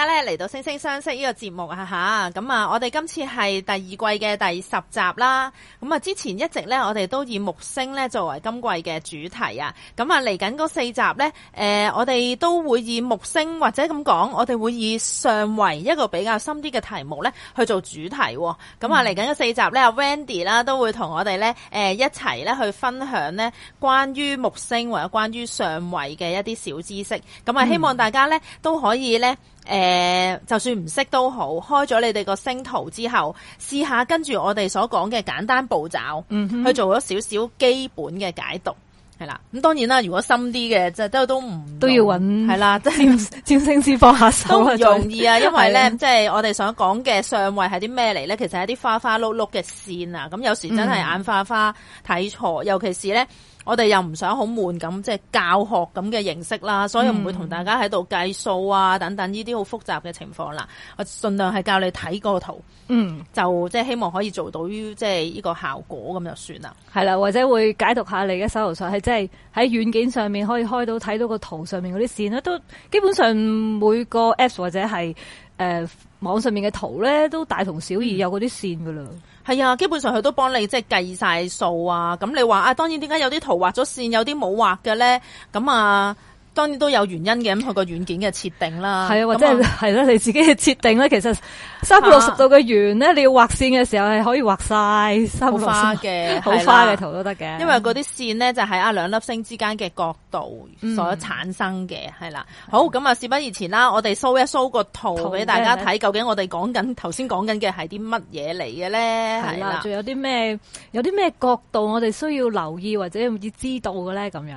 而家咧嚟到《星聲相析》呢個節目啊吓，咁啊，我哋今次係第二季嘅第十集啦。咁啊，之前一直咧，我哋都以木星咧作為今季嘅主題啊。咁啊，嚟緊嗰四集咧，誒、呃，我哋都會以木星或者咁講，我哋會以相位一個比較深啲嘅題目咧去做主題。咁啊，嚟緊嘅四集咧，阿、啊、Wendy 啦都會同我哋咧，誒、呃，一齊咧去分享咧關於木星或者關於相位嘅一啲小知識。咁啊，嗯、希望大家咧都可以咧。誒、呃，就算唔識都好，開咗你哋個星圖之後，試下跟住我哋所講嘅簡單步驟，嗯、哼去做咗少少基本嘅解讀，係啦。咁當然啦，如果深啲嘅，即係都都唔都要揾，係啦，占占超 星師放下手、啊、都唔容易啊。以因為咧，即係對我哋想講嘅相位係啲咩嚟咧？其實係啲花花碌碌嘅線啊。咁有時真係眼花花睇錯、嗯哼，尤其是咧。我哋又唔想好悶咁，即係教學咁嘅形式啦，所以唔會同大家喺度計數啊等等呢啲好複雜嘅情況啦。我盡量係教你睇個圖，嗯就，就即係希望可以做到於即係呢個效果咁就算啦。係啦，或者會解讀一下你嘅手頭上係即係喺軟件上面可以開到睇到個圖上面嗰啲線咧，都基本上每個 app 或者係。誒、呃，網上面嘅圖咧都大同小異、嗯，有嗰啲線㗎喇。係啊，基本上佢都幫你即係計晒數啊。咁你話啊，當然，點解有啲圖畫咗線，有啲冇畫嘅咧？咁啊。當然都有原因嘅，咁、那、佢個軟件嘅設定啦，係啊，我或者係咧、啊、你自己嘅設定咧。其實三百六十度嘅圓咧，啊、你要畫線嘅時候係可以畫晒好花嘅好花嘅圖都得嘅。的因為嗰啲線咧就喺啊兩粒星之間嘅角度所產生嘅，係啦、嗯。好咁啊，那事不宜遲啦，我哋 show 一 show 個圖俾大家睇，究竟我哋講緊頭先講緊嘅係啲乜嘢嚟嘅咧？係啦，仲的的有啲咩？有啲咩角度我哋需要留意或者要知道嘅咧？咁樣。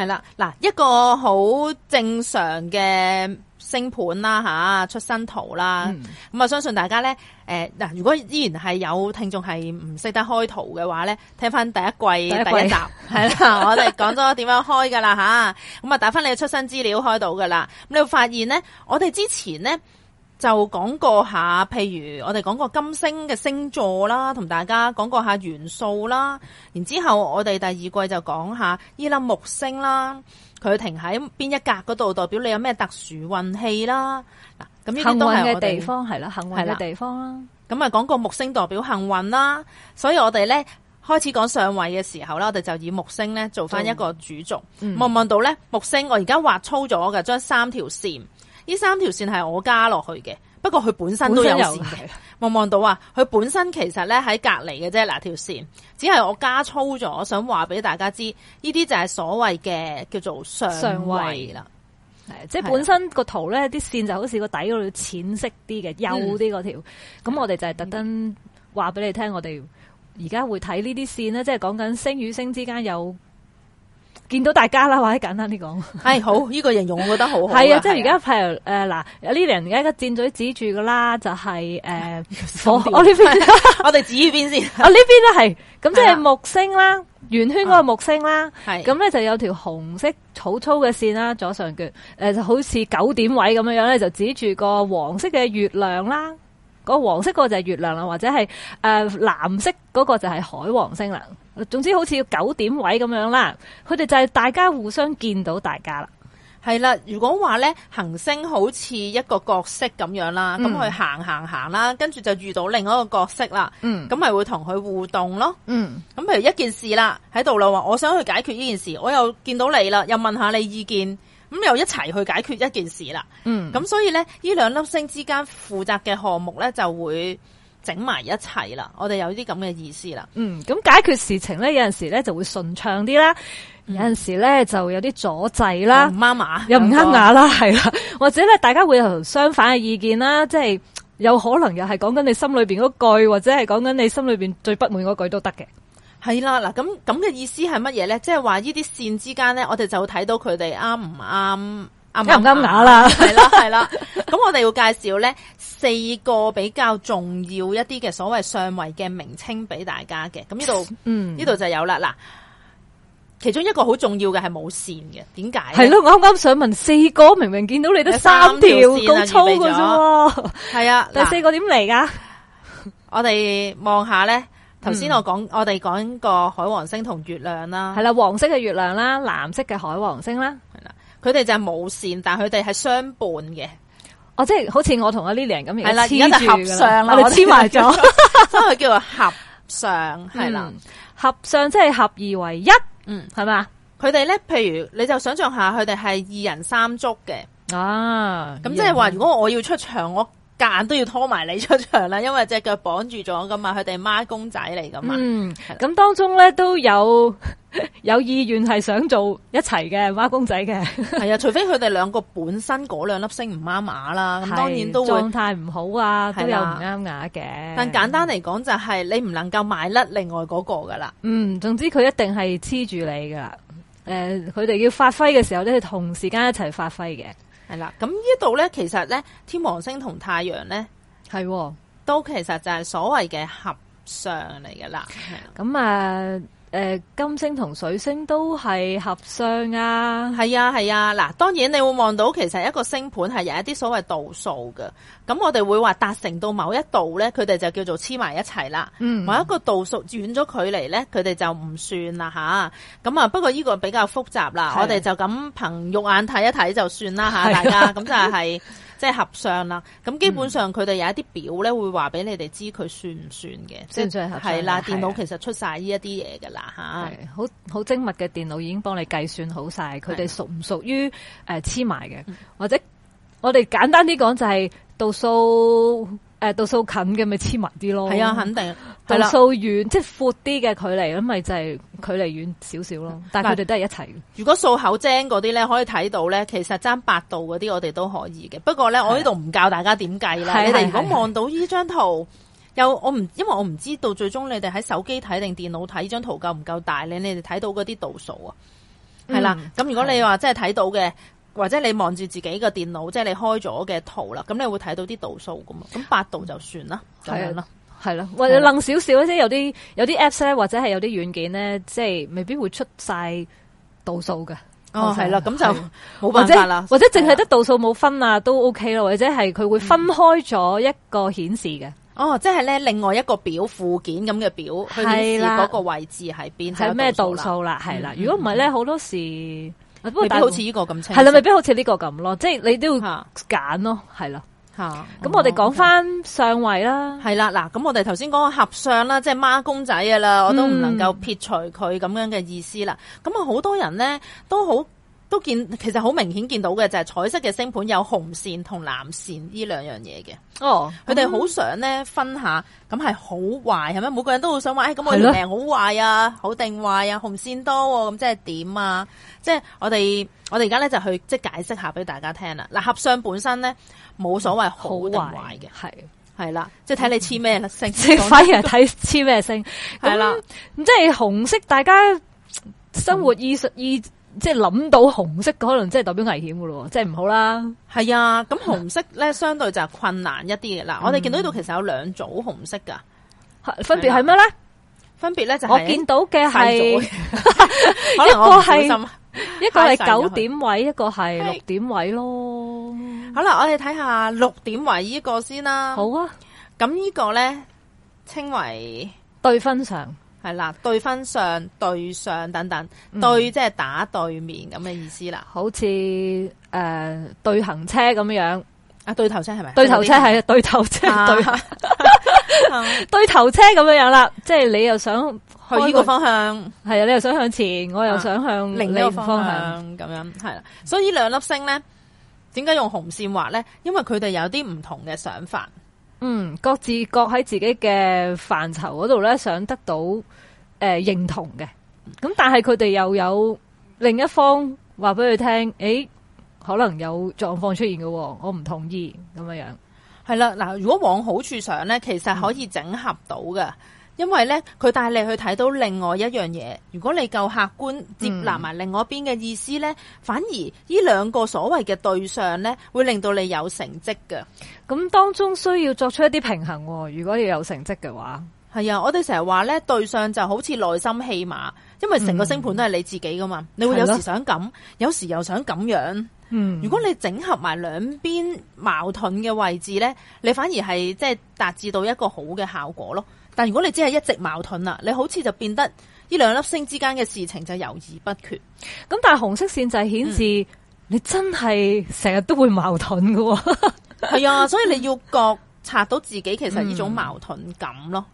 係啦，嗱一個好正常嘅星盤啦，吓出生圖啦，咁啊、嗯、相信大家咧，誒、呃、嗱如果依然係有聽眾係唔識得開圖嘅話咧，聽翻第一季第一集係 啦，我哋講咗點樣開噶啦吓，咁啊打翻你嘅出生資料開到噶啦，咁你會發現咧，我哋之前咧。就講過下，譬如我哋講過金星嘅星座啦，同大家講過下元素啦。然之後我哋第二季就講下依粒木星啦，佢停喺邊一格嗰度，代表你有咩特殊運氣啦。嗱，咁呢啲都係我哋嘅地方，係啦，幸運嘅地方啦。咁啊，講個木星代表幸運啦。所以我哋咧開始講相位嘅時候咧，我哋就以木星咧做翻一個主軸。望望對到咧木星，嗯、我而家畫粗咗嘅，將三條線。呢三條線係我加落去嘅，不過佢本身都有線嘅。望望到啊，佢 本身其實咧喺隔籬嘅啫。嗱，條線只係我加粗咗，我想話俾大家知，呢啲就係所謂嘅叫做相位相位啦。係，即係本身個圖咧，啲的線就好似淺、嗯、似個底嗰度淺色啲嘅，幼啲嗰條。咁、嗯、我哋就係特登話俾你聽，嗯、我哋而家會睇呢啲線咧，即係講緊星與星之間有。見到大家啦，或者簡單啲講，係 好呢、呢個形容我覺得好好。係啊，即係而家譬如嗱，有呢啲人而家個箭嘴指住噶啦，就係誒我呢邊，我哋指依邊先。我呢邊都係咁，即係木星啦，圓圈嗰個木星啦，係咁咧就有條紅色粗粗嘅線啦，左上角誒的、呃，就好似九點位咁樣樣咧，就指住個黃色嘅月亮啦，個黃色嗰個就係月亮啦，或者係誒、呃、藍色嗰個就係海王星啦。總之好似要九點位咁樣啦，佢哋就係大家互相見到大家啦，係啦。如果話咧，行星好似一個角色咁樣啦，咁去、嗯、行行行啦，跟住就遇到另一個角色啦，嗯，咁咪會同佢互動咯，嗯。咁譬如一件事啦，喺度啦話，我想去解決呢件事，我又見到你啦，又問下你意見，咁又一齊去解決一件事啦，嗯。咁所以咧，呢兩粒星之間負責嘅項目咧就會。整埋一齊啦，我哋有啲咁嘅意思啦。嗯，咁解決事情咧，有陣時咧就會順暢啲啦，嗯、有陣時咧就有啲阻滯啦，唔啱碼又唔啱碼啦，係啦、啊，任 啊、或者咧大家會有相反嘅意見啦，即係有可能又係講緊你心裏邊嗰句，或者係講緊你心裏邊最不滿嗰句都得嘅。係啦，嗱，咁咁嘅意思係乜嘢咧？即係話呢啲線之間咧，我哋就睇到佢哋啱唔啱。啱唔啱打啦？係啦，係啦。咁我哋要介紹咧，四個比較重要一啲嘅所謂相位嘅名稱俾大家嘅。咁呢度，嗯，呢度就有啦。嗱，其中一個好重要嘅係冇線嘅。點解？係咯，我啱啱想問四個，明明見到你都三條咁粗嘅啫。係啊，第四個點嚟噶？我哋望下咧。頭先我講，我哋講個海王星同月亮啦，係啦，黃色嘅月亮啦，藍色嘅海王星啦，係啦。佢哋就係冇線，但係佢哋係相伴嘅，哦，即係好似我同阿 Lily 咁樣，係啦，而家就合相啦，我哋黐埋咗，所以叫做 叫合相，係啦、嗯，了合相即係合二為一，嗯，係嘛吧，佢哋咧，譬如你就想象下，佢哋係二人三足嘅，啊，咁即係話如果我要出場，我出場。夾硬都要拖埋你出場啦，因為隻腳綁住咗噶嘛，佢哋孖公仔嚟噶嘛。嗯，咁的當中咧都有有意願係想做一齊嘅孖公仔嘅，係啊，除非佢哋兩個本身嗰兩粒星唔啱牙啦，咁的當然都會狀態唔好啊，都有唔啱牙嘅。但簡單嚟講，就係你唔能夠賣甩另外嗰個噶啦。嗯，總之佢一定係黐住你噶啦。誒、呃，佢哋要發揮嘅時候咧，係同時間一齊發揮嘅。係啦，咁呢度咧，其實咧，天王星同太陽咧，係、哦、都其實就係所謂嘅合相嚟噶啦，係啦，咁啊。誒、呃，金星同水星都係合相啊！係啊，係啊！嗱，當然你會望到，其實一個星盤係有一啲所謂度數㗎。咁我哋會話達成到某一度呢，佢哋就叫做黐埋一齊啦。嗯，某一個度數遠咗距離呢，佢哋就唔算啦吓。咁啊，不過呢個比較複雜啦，的我哋就咁憑肉眼睇一睇就算啦吓，的大家咁就係、是。 即係合相啦，咁基本上佢哋有一啲表咧，會話俾你哋知佢算唔算嘅，即係係啦，電腦其實出曬呢一啲嘢嘅啦嚇，好好精密嘅電腦已經幫你計算好曬，佢哋的屬唔屬於誒黐埋嘅，呃嗯、或者我哋簡單啲講就係、是、度數誒度、呃、數近嘅咪黐埋啲咯，係啊，肯定。度數遠，了即係闊啲嘅距離，咁咪就係、是、距離遠少少咯。對但係佢哋都係一齊。如果數口精嗰啲咧，可以睇到咧，其實爭八度嗰啲我哋都可以嘅。不過咧，的我呢度唔教大家點計啦。的你哋如果望到呢張圖，的又，我唔，因為我唔知道最終你哋喺手機睇定電腦睇呢張圖夠唔夠大咧？你哋睇到嗰啲度數啊，係啦、嗯。咁如果你話即係睇到嘅，的或者你望住自己個電腦，即係你開咗嘅圖啦，咁你會睇到啲度數噶嘛？咁八度就算啦，咁、嗯、這樣係咯，或者楞少少有啲有啲 apps 咧，或者係有啲軟件咧，即係未必會出晒度數嘅。哦，係啦，咁就冇辦法啦，或者淨係得度數冇分啊，都 OK 咯，或者係佢會分開咗一個顯示嘅。哦，即係咧另外一個表附件咁嘅表，顯示嗰個位置係邊，係咩度數啦？係啦，如果唔係咧，好多時未必好似呢個咁清係啦，未必好似呢個咁咯，即係你都要揀咯，係啦。咁、啊、我哋講翻相位啦，係啦、嗯，嗱、okay，咁我哋頭先講個合相啦，即係孖公仔嘅啦，我都唔能夠撇除佢咁樣嘅意思啦。咁啊、嗯，好多人咧都好。都見其實好明顯見到嘅就係彩色嘅星盤有紅線同藍線呢兩樣嘢嘅。哦，佢哋好想咧分下，咁係好壞係咪？每個人都會想話，咁、哎、我條命好壞啊，好定壞啊，紅線多、啊，咁即係點啊？即係我哋我哋而家咧就去即係解釋下俾大家聽啦。嗱，合相本身咧冇所謂好定壞嘅，係係啦，了的即係睇你黐咩啦星，嗯、反而係睇黐咩星。咁咁了即係紅色，大家生活意術意。嗯即係諗到紅色，可能即係代表危險嘅咯，即係唔好啦。係啊，咁紅色咧相對就係困難一啲嘅。嗱，我哋見到呢度其實有兩組紅色噶，分別係咩咧？分別咧就我見到嘅係一個係一個係九點位，一個係六點位咯。好啦，我哋睇下六點位呢個先啦。好啊，咁呢個咧稱為對分相。係啦，對分上對上等等，對即係打對面咁嘅意思啦、嗯。好似誒、呃、對行車咁樣，啊，對頭車係咪？對頭車係啊，對頭車係係對頭車，對頭車咁樣啦。即係你又想去呢個方向，係啊，你又想向前，我又想向、嗯、另一個方向咁樣，係啦。所以兩兩粒星咧，點解用紅線畫咧？因為佢哋有啲唔同嘅想法。嗯，各自各喺自己嘅範疇嗰度咧，想得到誒、呃、認同嘅。咁但係佢哋又有另一方話俾佢聽，誒、欸、可能有狀況出現嘅，我唔同意咁樣樣。係啦，嗱，如果往好處想咧，其實可以整合到嘅。嗯因為咧，佢帶你去睇到另外一樣嘢。如果你夠客觀接納埋另外一邊嘅意思咧，嗯、反而呢兩個所謂嘅對象咧，會令到你有成績嘅。咁當中需要作出一啲平衡。如果要有成績嘅話，係啊，我哋成日話咧，對象就好似內心戲碼，因為成個星盤都係你自己噶嘛。嗯、你會有時想咁，的有時又想咁樣。嗯，如果你整合埋兩邊矛盾嘅位置咧，你反而係即係達至到一個好嘅效果咯。但如果你只係一直矛盾啦，你好似就變得呢兩粒星之間嘅事情就猶豫不決。咁但係紅色線就係顯示你真係成日都會矛盾噶，係 啊，所以你要覺 察到自己其實呢種矛盾感咯，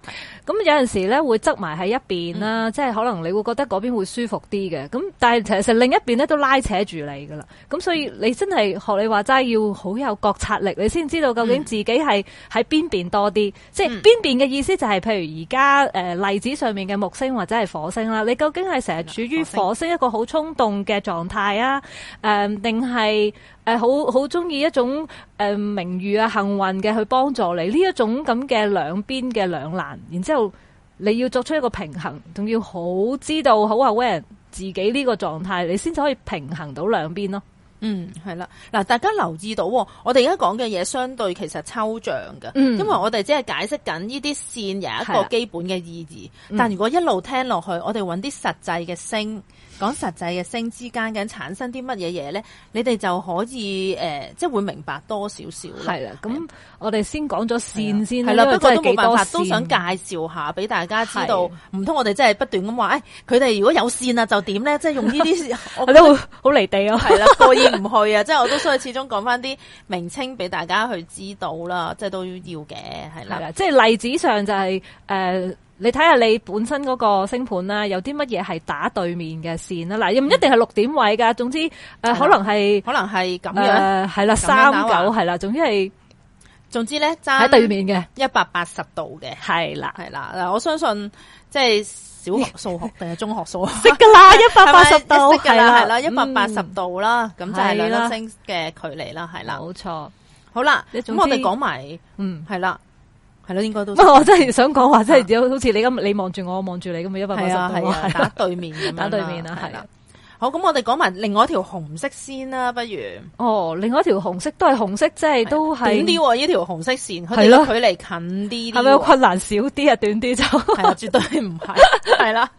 咁有陣時咧會執埋喺一邊啦，即係可能你會覺得嗰邊會舒服啲嘅，咁但係其實另一邊咧都拉扯住你噶啦，咁所以你真係學、嗯、你話齋要好有覺察力，你先知道究竟自己係喺邊邊多啲，嗯、即係邊邊嘅意思就係、是、譬如而家，誒，例子上面嘅木星或者係火星啦，你究竟係成日處於火星一個好衝動嘅狀態啊，誒定係？誒，好好中意一種誒、呃、名譽啊，幸運嘅去幫助你呢一種咁嘅兩邊嘅兩難，然之後你要作出一個平衡，仲要好知道好 Aware 自己呢個狀態，你先至可以平衡到兩邊咯。嗯，係啦，嗱，大家留意到、哦，我哋而家講嘅嘢相對其實抽象嘅，因為、嗯、我哋只係解釋緊呢啲線有一個基本嘅意義。嗯、但如果一路聽落去，我哋揾啲實際嘅星。講實際嘅星之間緊產生啲乜嘢嘢咧？你哋就可以誒、呃，即係會明白多少少。係啦，咁我哋先講咗線，的線先啦。不過都冇辦法，都想介紹下俾大家知道。唔通的我哋真係不斷咁話，誒、哎，佢哋如果有線，線 啊，就點咧？即係用呢啲，我覺得好好離地咯。係啦，過意唔去啊！ 即係我都所以始終講翻啲名稱俾大家去知道啦，即係都要嘅，係啦。即係例子上就係、是、誒。呃。你睇下你本身嗰個星盤啦，有啲乜嘢係打對面嘅綫啦，嗱，又唔一定係六點位噶，總之誒，可能係可能係咁樣，係啦，三九係啦，總之係，總之咧，喺對面嘅一百八十度嘅，係啦，係啦，嗱，我相信即係小學數學定係中學數學識噶啦，一百八十度，係啦，係啦，一百八十度啦，咁就係兩粒星嘅距離啦，係啦，冇錯，好啦，咁我哋講埋，嗯，係啦。係咯，應該都。我真係想講話，真係好似你咁，你望住我，我望住你咁，一百八十度打對面，打對面啦，係、啊啊。好，咁我哋講埋另外一條紅色先啦，不如。哦，另外一條紅色都係紅色，即係、啊、都係短啲。呢條紅色線係咯，距離近啲啲，係咪、啊、困難少啲啊？短啲就係啊，絕對唔係，係啦，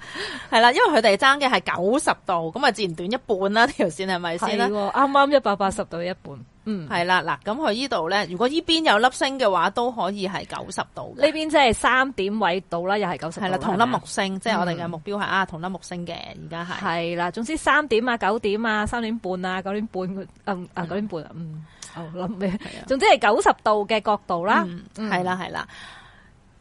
係啦，因為佢哋爭嘅係九十度，咁啊自然短一半啦。條線係咪先？啱啱一百八十度一半。嗯，係啦，嗱，咁佢依度咧，如果依邊有粒星嘅話，都可以係九十度。呢邊即係三點位度啦，又係九十度。係啦，同粒木星，吧即係我哋嘅目標係、嗯、啊，同粒木星嘅，而家係。係啦，總之三點啊，九點啊，三點半啊，九點半，嗯嗯、啊九點半啊，嗯，諗咩、嗯？哦、我了總之係九十度嘅角度啦，係啦係啦，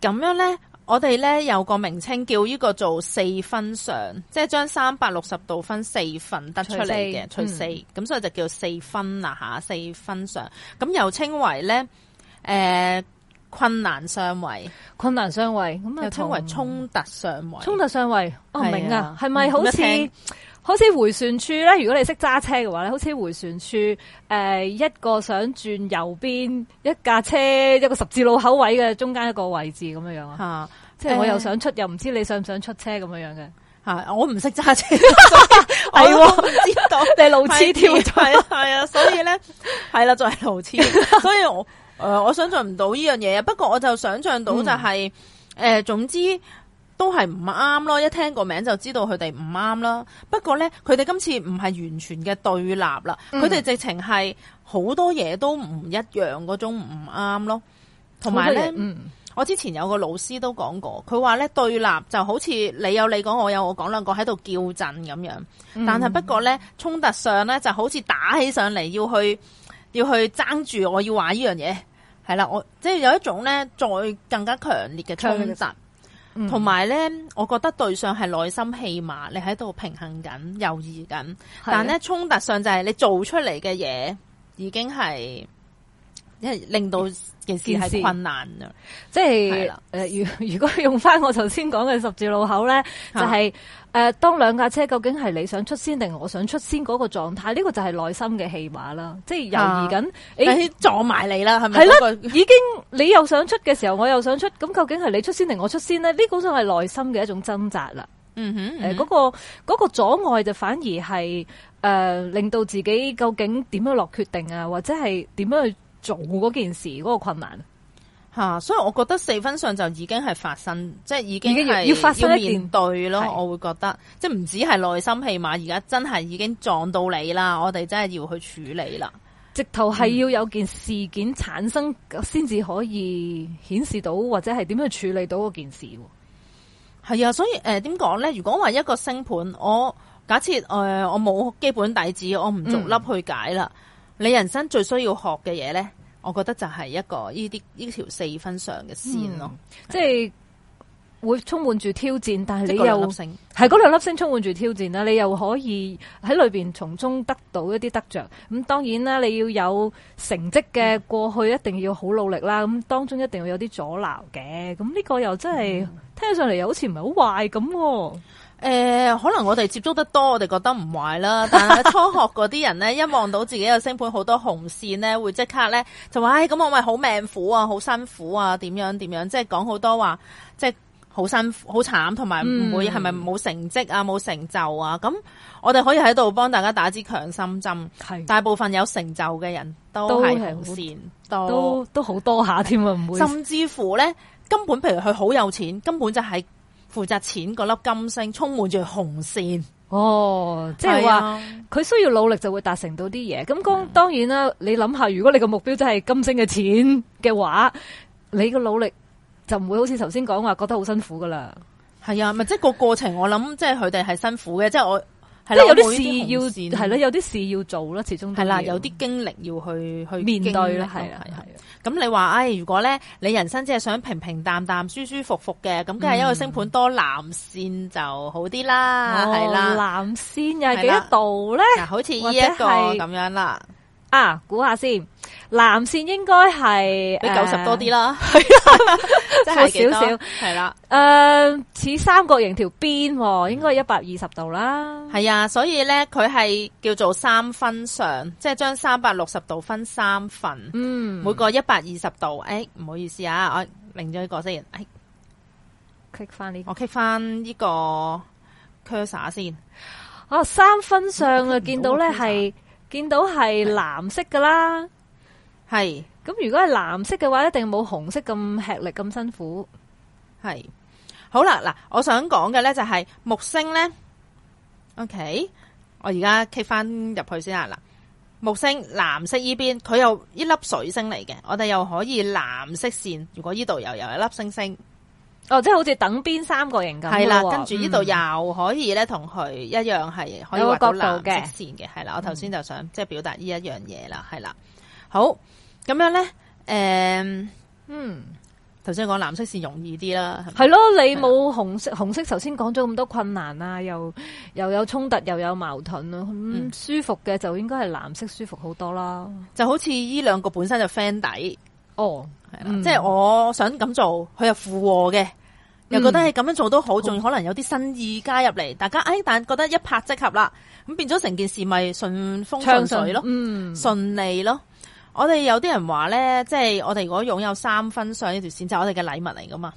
咁、嗯、樣咧。我哋咧有個名稱叫呢個做四分相。即係將三百六十度分四份得出嚟嘅，除四，咁、嗯、所以就叫四分啦，嚇四分相，咁又稱為咧、呃，困難相位，困難相位，咁啊又稱為衝突相位，衝突相位，我、哦、明啊，係咪、啊、好似？好似回旋處咧，如果你識揸車嘅話咧，好似回旋處誒、呃，一個想轉右邊一架車，一個十字路口位嘅中間一個位置咁樣樣啊。吓，即係我又想出，呃、又唔知你想唔想出車咁樣樣嘅吓，我唔識揸車，係 知道你路、 啊、 痴跳台，係 啊，所以咧係啦，就係路痴，所以我誒、呃，我想象唔到呢樣嘢啊。不過我就想象到就係、是、誒、嗯呃，總之。都係唔啱咯，一聽個名就知道佢哋唔啱啦。不過呢，佢哋今次唔係完全嘅對立啦，佢哋、嗯、直情係好多嘢都唔一樣嗰種唔啱咯。同埋呢，嗯、我之前有個老師都講過，佢話呢，對立就好似你有你講，我有我講，兩個喺度叫陣咁樣。嗯、但係不過呢，衝突上呢就好似打起上嚟，要去要去爭住我要話呢樣嘢，係啦，我即係有一種呢，再更加強烈嘅衝突。強同埋咧，我覺得對上係內心戲嘛，你喺度平衡緊、猶豫緊，但係咧的衝突上就係你做出嚟嘅嘢已經係。因為令到件事係困難啊，即係誒，如對了 如果用翻我頭先講嘅十字路口咧，就係、是、誒、啊呃，當兩架車究竟係你想出先定我想出先嗰個狀態，呢、這個就係內心嘅戲碼啦，即係猶豫緊，誒、啊欸、撞埋你啦，係咪、那個？係啦，已經你又想出嘅時候，我又想出，咁究竟係你出先定我出先呢？呢、這個就係內心嘅一種掙扎啦、嗯。嗯哼，誒、呃，嗰、那個嗰、那個阻礙就反而係誒、呃，令到自己究竟點樣落決定啊，或者係點樣去，做嗰件事嗰、嗰個困難吓、啊，所以我覺得四分相就已經係發生，即係已經係要發生面對咯。我會覺得是的即係唔止係內心戲碼，而家真係已經撞到你啦。我哋真係要去處理啦，直頭係要有件事件產生先至可以顯示到，或者係點樣去處理到嗰件事。係啊、嗯，所以誒，點講咧？如果話一個星盤，我假設誒、呃，我冇基本底子，我唔逐粒去解啦。嗯。你人生最需要學嘅嘢呢，我覺得就係一個呢啲呢條四分相嘅線咯，嗯、是即係會充滿住挑戰，但係你又係嗰兩粒星充滿住挑戰啦，你又可以喺裏邊從中得到一啲得着。咁當然啦，你要有成績嘅、嗯、過去，一定要好努力啦。咁當中一定要有啲阻撓嘅，咁呢個又真係、嗯、聽上嚟又好似唔係好壞咁。誒、呃，可能我哋接觸得多，我哋覺得唔壞啦。但係初學嗰啲人咧， 一望到自己個星盤好多紅線咧，會即刻咧就話：唉、哎，咁我咪好命苦啊，好辛苦啊，點樣點樣？即係講好多話，即係好辛苦、好慘，同埋唔會係咪冇成績啊、冇成就啊？咁我哋可以喺度幫大家打支強心針。的大部分有成就嘅人都係紅線都都，都，都多好多下添啊！唔會，甚至乎咧根本，譬如佢好有錢，根本就係、是。負責錢嗰粒金星充滿住紅線哦，即係話佢需要努力就會達成到啲嘢。咁當當然啦，啊、你諗下，如果你個目標真係金星嘅錢嘅話，你個努力就唔會好似頭先講話覺得好辛苦噶啦。係啊，咪即係個過程，我諗即係佢哋係辛苦嘅，即係我。係有啲事要，係咯有啲事要做咯，始終係啦，有啲經歷要去去面對，係係，咁你話、哎，如果咧你人生只係想平平淡淡、舒舒服服嘅，咁梗係一個星盤多藍線就好啲啦，係啦、嗯。藍的、哦、線又係幾多度咧？嗱的，好似呢一個咁樣啦。啊，估、啊、下先。藍線應該係比九十多啲啦，係啊， 少少係啦。誒了，似、呃、三角形條邊、啊，嗯、應該係一百二十度啦。係啊，所以咧，佢係叫做三分相，即係將三百六十度分三份，嗯，每個一百二十度。誒、哎，唔好意思啊，我擰咗呢個先，誒、哎、click 翻呢、這個，我 click 翻呢個 cursor 先。哦、啊，三分相啊、嗯，見到咧係見到係藍色噶啦。係，咁是如果係藍色嘅話，一定冇紅色咁吃力咁辛苦。係，好啦，嗱，我想講嘅咧就係木星咧。OK，我而家揭翻入去先啊。嗱，木星藍色呢邊，佢有一粒水星嚟嘅，我哋又可以藍色線。如果呢度又有一粒星星，哦，即係好似等邊三角形咁。係啦了，嗯、跟住呢度又可以咧同佢一樣係可以畫到藍色線嘅。係啦，我頭先就想即係表達呢一樣嘢啦。係啦。好，咁樣咧，誒，嗯，頭先講藍色是容易啲啦，係咯，你冇紅色，了紅色頭先講咗咁多困難啊，又又有衝突，又有矛盾咯、啊嗯嗯，咁舒服嘅就應該係藍色舒服好多啦，就好似呢兩個本身就 friend 底哦，係啦了，嗯、即係我想咁做，佢又附和嘅，又覺得係咁樣做都好，仲、嗯、可能有啲新意加入嚟，嗯、大家誒，但覺得一拍即合啦，咁變咗成件事咪順風順水咯，順嗯，順利咯。.我哋有啲人話咧，即係我哋如果擁有三分相呢條線，就係、是、我哋嘅禮物嚟噶嘛？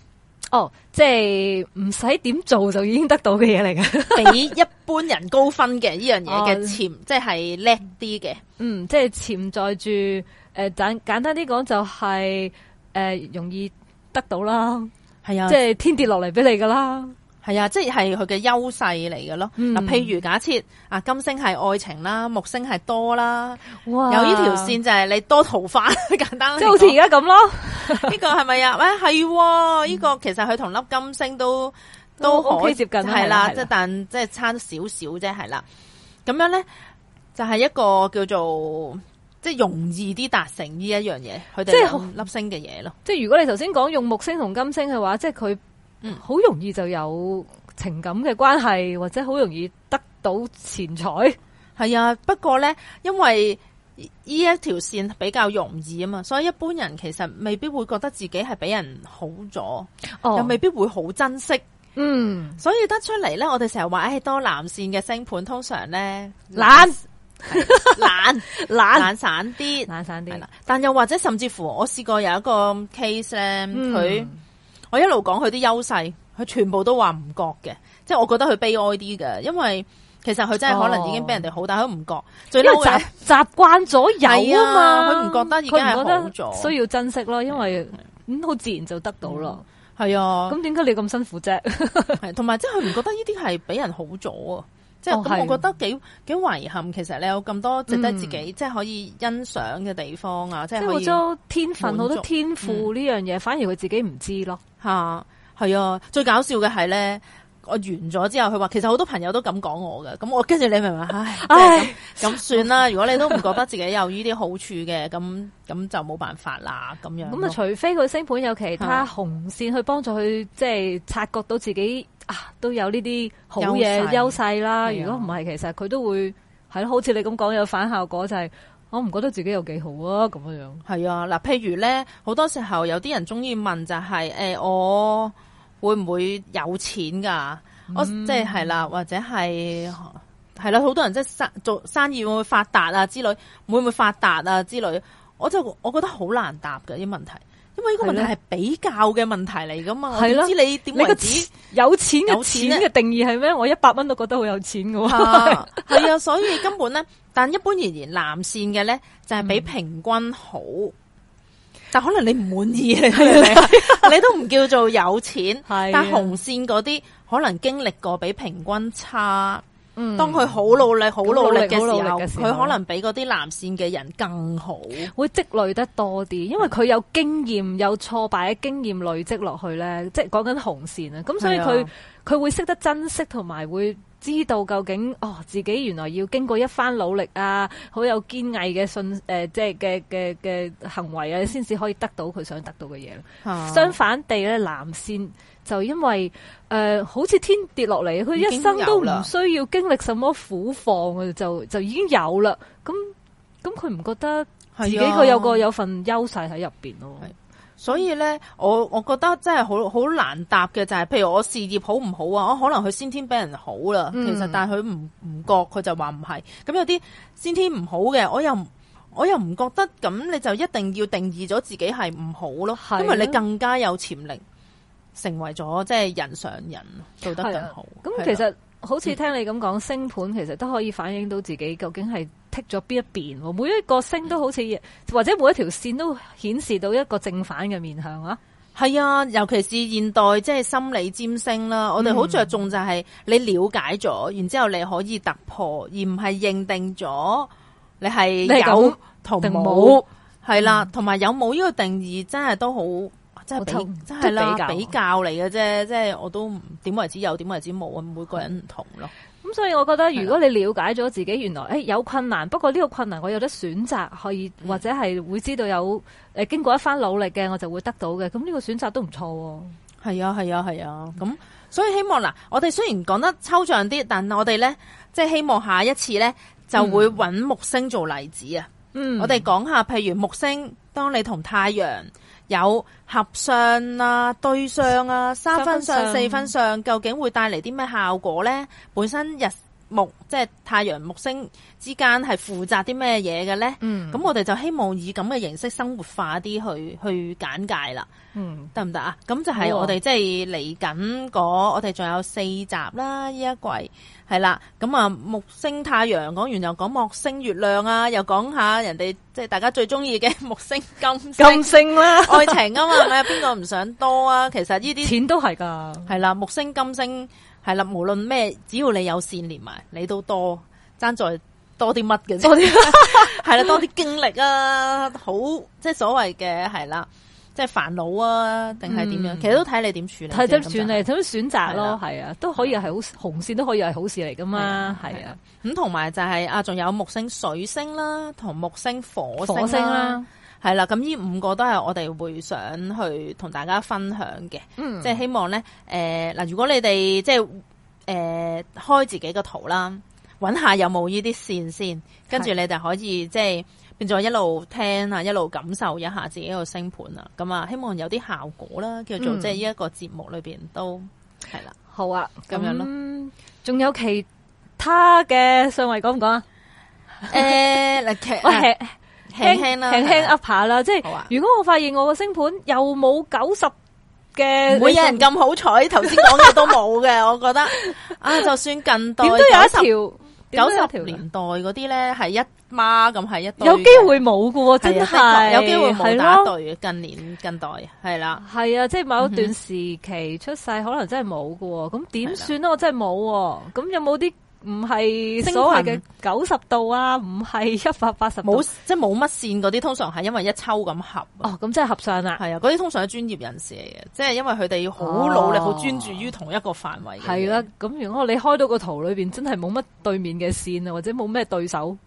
哦，即係唔使點做就已經得到嘅嘢嚟噶， 比一般人高分嘅呢樣嘢嘅潛，的潛哦、即係叻啲嘅，嗯，即係潛在住，誒、呃、簡簡單啲講就係、是、誒、呃、容易得到啦，係啊的，即係天跌落嚟俾你噶啦。係啊，即係佢嘅優勢嚟嘅咯。嗱、嗯，譬如假設啊金星係愛情啦，木星係多啦，哇有呢條線就係你多桃花， 簡單即係好似而家咁咯。呢 個係咪啊？喂、哎，係呢、這個其實佢同粒金星都、嗯、都 O K 接近係啦，即但即係差少少啫，係啦。咁樣咧就係、是、一個叫做即係、就是、容易啲達成呢一樣嘢，佢哋即係粒星嘅嘢咯。即係如果你頭先講用木星同金星嘅話，即係佢。嗯，好容易就有情感嘅關係，或者好容易得到錢財。係啊，不過呢，因為呢一條線比較容易啊嘛，所以一般人其實未必會覺得自己係俾人好咗，哦、又未必會好珍惜。嗯，所以得出嚟呢，我哋成日話，誒、哎，多藍線嘅星盤通常呢，懶懶懶懶散啲，懶散啲。但又或者甚至乎，我試過有一個 case 佢、嗯。我一路講佢啲優勢，佢全部都話唔覺嘅，即係我覺得佢悲哀啲嘅，因為其實佢真係可能已經俾人哋好，哦、但佢唔覺，最嬲習慣咗有啊嘛，佢唔覺得已經係好咗，覺得需要珍惜咯，因為咁好自然就得到咯，係、嗯、啊，咁點解你咁辛苦啫？同埋即係佢唔覺得呢啲係俾人好咗啊。即係，哦、我覺得幾幾遺憾。其實你有咁多值得自己、嗯、即係可以欣賞嘅地方啊！即係好多天分，好多天賦呢樣嘢，嗯、反而佢自己唔知咯。嚇，係啊！最搞笑嘅係咧。我完咗之後，佢話其實好多朋友都咁講我㗎，咁我跟住你明唔明？唉，咁、就是，唉唉 算啦。如果你都唔覺得自己有呢啲好處嘅，咁咁 就冇辦法啦。咁樣咁啊，除非佢星盤有其他紅線去幫助佢，即係察覺到自己啊，都有呢啲好嘢優勢啦。如果唔係，其實佢都會係咯，好似你咁講有反效果，就是，就係我唔覺得自己有幾好啊。咁樣樣係啊。嗱、呃，譬如咧，好多時候有啲人中意問就係、是，誒、欸，我。會唔會有錢噶？嗯、我即係啦，或者係係啦，好多人即係生做生意會唔會發達啊之類，會唔會發達啊之類？我就我覺得好難答嘅啲問題，因為呢個問題係比較嘅問題嚟噶嘛。係啦了，知你點解止有錢嘅錢嘅定義係咩？我一百蚊都覺得好有錢噶。係啊， 啊，所以根本咧，但一般而言，藍線嘅咧就係比平均好。嗯。但可能你唔滿意 你都唔叫做有錢。 但紅線嗰啲可能經歷過比平均差，的當佢好努力、好、嗯、努力嘅時候，佢可能比嗰啲藍線嘅人更好，會積累得多啲，因為佢有經驗、有挫敗嘅經驗累積落去咧。即係講緊紅線啊，咁所以佢佢的會識得珍惜同埋會。知道究竟哦，自己原來要經過一番努力啊，好有堅毅嘅信誒、呃，即係嘅嘅嘅行為啊，先至可以得到佢想得到嘅嘢。嗯、相反地咧，藍線就因為誒、呃，好似天跌落嚟，佢一生都唔需要經歷什麼苦況嘅，就就已經有啦。咁咁佢唔覺得自己佢有個有份優勢喺入邊咯。所以咧，我我覺得真係好好難答嘅，就係、係、譬如我事業好唔好啊？我可能佢先天俾人好啦，其實但，但佢唔唔覺，佢就話唔係。咁有啲先天唔好嘅，我又我又唔覺得。咁你就一定要定義咗自己係唔好咯，係啊、因為你更加有潛力成為咗即係人上人，做得更好。咁、啊、其實係、啊、好似聽你咁講、嗯、星盤，其實都可以反映到自己究竟係。剔咗邊一邊，每一個星都好似，或者每一條線都顯示到一個正反嘅面向啊。係啊，尤其是現代，即係心理占星啦。嗯、我哋好着重就係、是、你了解咗，然之後你可以突破，而唔係認定咗你係有同冇。係啦，同埋有冇呢個定義真係都好偷，即係比較嚟嘅啫。即係我都點為之有，點為之冇啊，每個人唔同咯。咁所以我覺得如果你了解咗自己原來誒有困難，不過呢個困難我有得選擇可以或者係會知道有誒，經過一番努力嘅，我就會得到嘅。咁呢個選擇都唔錯。係啊係啊係啊。咁、啊啊、所以希望嗱，我哋雖然講得抽象啲，但我哋咧即係希望下一次咧就會揾木星做例子啊、嗯。嗯，我哋講下譬如木星，當你同太陽。有合相啊、對相啊、三分相、四分相，究竟會帶嚟啲咩效果呢？本身日木即係、就是、太陽木星之間係負責啲咩嘢嘅呢？咁、嗯、我哋就希望以咁嘅形式生活化啲去去簡介啦。得唔得啊？咁就係我哋即係嚟緊嗰，我哋仲有四集啦，呢一季。係啦，咁啊木星太陽講完又講木星月亮啊，又講下人哋即係大家最中意嘅木星金星。金星啦，星愛情啊嘛，邊個唔想多啊？其實呢啲錢都係噶，係啦木星金星係啦，無論咩，只要你有線連埋，你都多爭在多啲乜嘅啫，係啦多啲 經歷啊，好即係所謂嘅係啦。即係煩惱啊，定係點樣？其實都睇你點處理，睇點處理，睇咩選擇咯，係啊，都可以係好紅線，都可以係好事嚟噶嘛，係啊。咁同埋就係啊，仲有木星、水星啦，同木星、火星啦，係啦。咁呢五個都係我哋會想去同大家分享嘅，嗯，即係希望咧，誒嗱，如果你哋即係誒開自己個圖啦，揾下有冇呢啲線先，跟住你就可以即係。變咗一路聽啊，一路感受一下自己個星盤啦，咁啊，希望有啲效果啦，叫做即係呢一個節目裏邊都係啦，好啊，咁樣咯。仲有其他嘅相位講唔講啊？誒，嚟聽，輕輕啦，輕輕 up 下啦。即係如果我發現我個星盤又冇九十嘅，唔會有人咁好彩，頭先講嘅都冇嘅，我覺得啊，就算近都有一條。九十條年代嗰啲咧，係一媽咁，係一有機會冇噶喎，真係有機會冇打對嘅近年，的近，年近代係啦，係啊，即係某一段時期、嗯、哼出世，可能真係冇噶喎。咁點算啊？的我真係冇咁有冇啲？唔係所謂嘅九十度啊，唔係一百八十度，冇即係冇乜線嗰啲，通常係因為一抽咁合哦，咁即係合上啦，係啊，嗰啲通常係專業人士嚟嘅，即係因為佢哋要好努力，好專、哦、注於同一個範圍。係啦，咁如果你開到個圖裏邊真係冇乜對面嘅線啊，或者冇咩對手，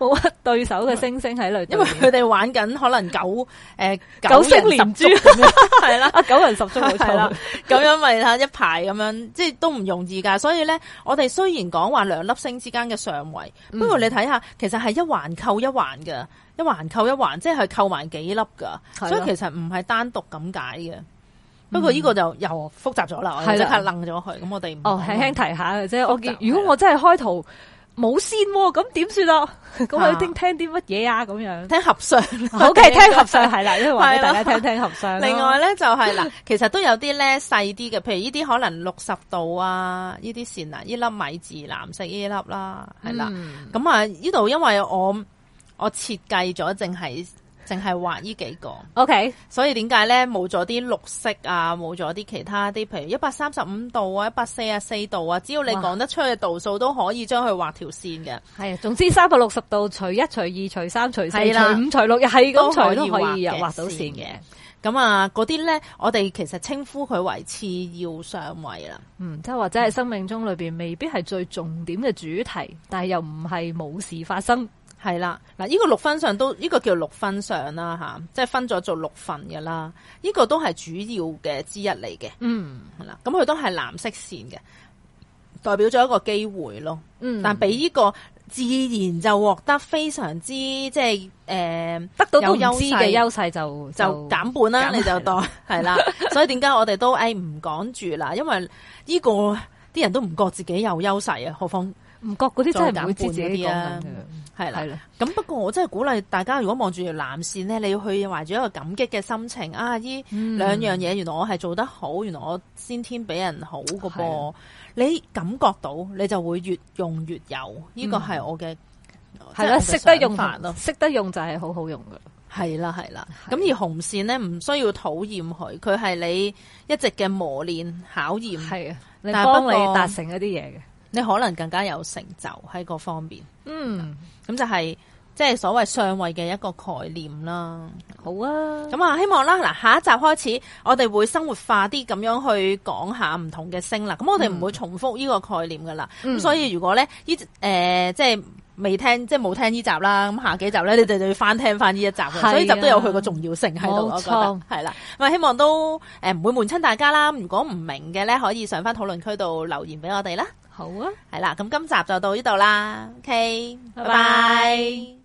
冇的 對手嘅星星喺裏，因為佢哋玩緊可能九誒、呃、 九星連珠，係 啦， 九人十足冇錯啦，咁樣咪啦，一排咁樣，即係都唔容易噶。所以咧，我哋需雖然講話兩粒星之間嘅上圍，不過你睇下，其實係一環扣一環嘅，一環扣一環，即係扣埋幾粒噶，所以其實唔係單獨咁解嘅。不過呢個就又複雜咗啦，即刻楞咗佢。咁我哋的哦，輕輕提下嘅啫。即我見雜如果我真係開圖。冇線喎、啊，咁點算咯？咁去聽聽啲乜嘢啊？咁、啊、樣聽合相好嘅，Okay, 聽合相係啦， 因為話俾大家聽了聽合相、啊、另外咧就係、是、啦其實都有啲咧細啲嘅，譬 如呢啲可能六十度啊，呢啲線啊，呢粒米字藍色呢粒啦，係啦、嗯。咁啊，呢度因為我我設計咗淨係。淨係畫呢幾個，OK，所以點解咧冇咗啲綠色啊，冇咗啲其他啲，譬如一百三十五度啊，一百四十四度啊，只要你講得出嘅度數都可以將佢畫條線嘅。係啊，總之三百六十度除一除二除三除四係啦，除五除六又係咁除都可以畫到線嘅。咁啊，嗰啲咧，我哋其實稱呼佢為次要相位啦。嗯，即係或者係生命中裏邊未必係最重點嘅主題，嗯、但係又唔係冇事發生。係啦，嗱，呢個六分相都呢、這個叫六分相啦，吓、啊，即係分咗做六份嘅、這個嗯、啦，呢個都係主要嘅之一嚟嘅。嗯，嗱，咁佢都係藍色線嘅，代表咗一個機會咯。嗯、但俾呢個自然就獲得非常之即係誒、呃，得到有都優勢嘅優勢就就減半啦，你就當係 啦。所以點解我哋都誒唔講住啦？因為呢、這個啲人都唔覺自己有優勢啊，何況唔覺嗰啲真係唔會知自己的的啊。係啦，咁的不過我真係鼓勵大家，如果望住條藍線咧，你要去懷住一個感激嘅心情。啊，呢兩樣嘢，原來我係做得好，原來我先天俾人好嘅噃。的你感覺到，你就會越用越有。呢、呢個係我嘅，係啦的，識得用識咯，識得用就係好好用嘅。係啦，係啦。咁的而紅線咧，唔需要討厭佢，佢係你一直嘅磨練、考驗，係啊，嚟幫你達成一啲嘢嘅，你可能更加有成就喺嗰方面。嗯，咁、嗯、就係即係所謂相位嘅一個概念啦。好啊，咁啊希望啦嗱，下一集開始我哋會生活化啲咁樣去講下唔同嘅星啦。咁、嗯、我哋唔會重複呢個概念噶啦。咁、嗯、所以如果咧誒、呃、即係未聽即係冇聽呢集啦，咁下幾集咧你哋就要翻聽翻呢一集。啊、所以集都有佢個重要性喺度。冇錯、我覺得，係啦。咁啊希望都誒唔、呃、會悶親大家啦。如果唔明嘅咧，可以上翻討論區度留言俾我哋啦。好啊，係啦，咁今集就到呢度啦，OK，拜拜 bye。Bye bye